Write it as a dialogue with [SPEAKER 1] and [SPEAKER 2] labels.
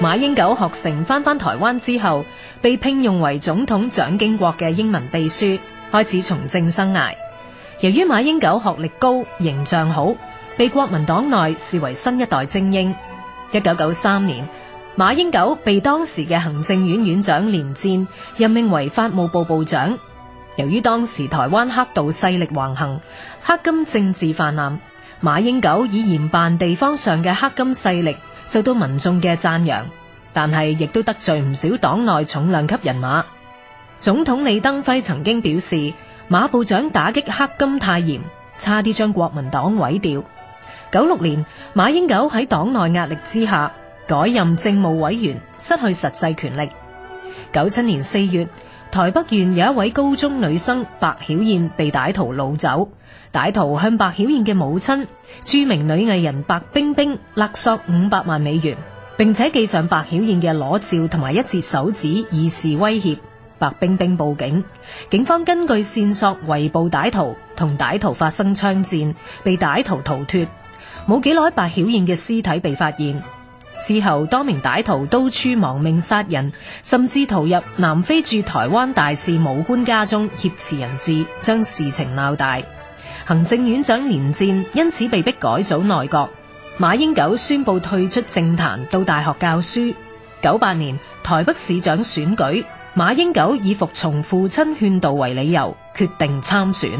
[SPEAKER 1] 馬英九學成翻返台灣之後，被聘用為總統蔣經國嘅英文秘書，開始從政生涯。由於馬英九學歷高、形象好，被國民黨內視為新一代精英。一九九三年，馬英九被當時嘅行政院院長連戰任命為法務部部長。由於當時台灣黑道勢力橫行，黑金政治氾濫。馬英九以嚴辦地方上嘅黑金勢力，受到民眾嘅讚揚，但係亦都得罪唔少黨內重量級人馬。總統李登輝曾經表示，馬部長打擊黑金太嚴，差啲將國民黨毀掉。九六年，馬英九喺黨內壓力之下，改任政務委員，失去實際權力。九七年四月，台北縣有一位高中女生白曉燕被歹徒擄走，歹徒向白曉燕嘅母親著名女藝人白冰冰勒索五百萬美元，並且寄上白曉燕嘅裸照同埋一截手指以示威脅。白冰冰報警，警方根據線索圍捕歹徒，同歹徒發生槍戰，被歹徒逃脫。冇幾耐，白曉燕嘅屍體被發現。事後多名歹徒到處亡命殺人，甚至逃入南非駐台灣大使武官家中挾持人質，將事情鬧大。行政院長連戰因此被逼改組內閣，馬英九宣布退出政壇，到大學教書。九八年台北市長選舉，馬英九以服從父親勸導為理由，決定參選。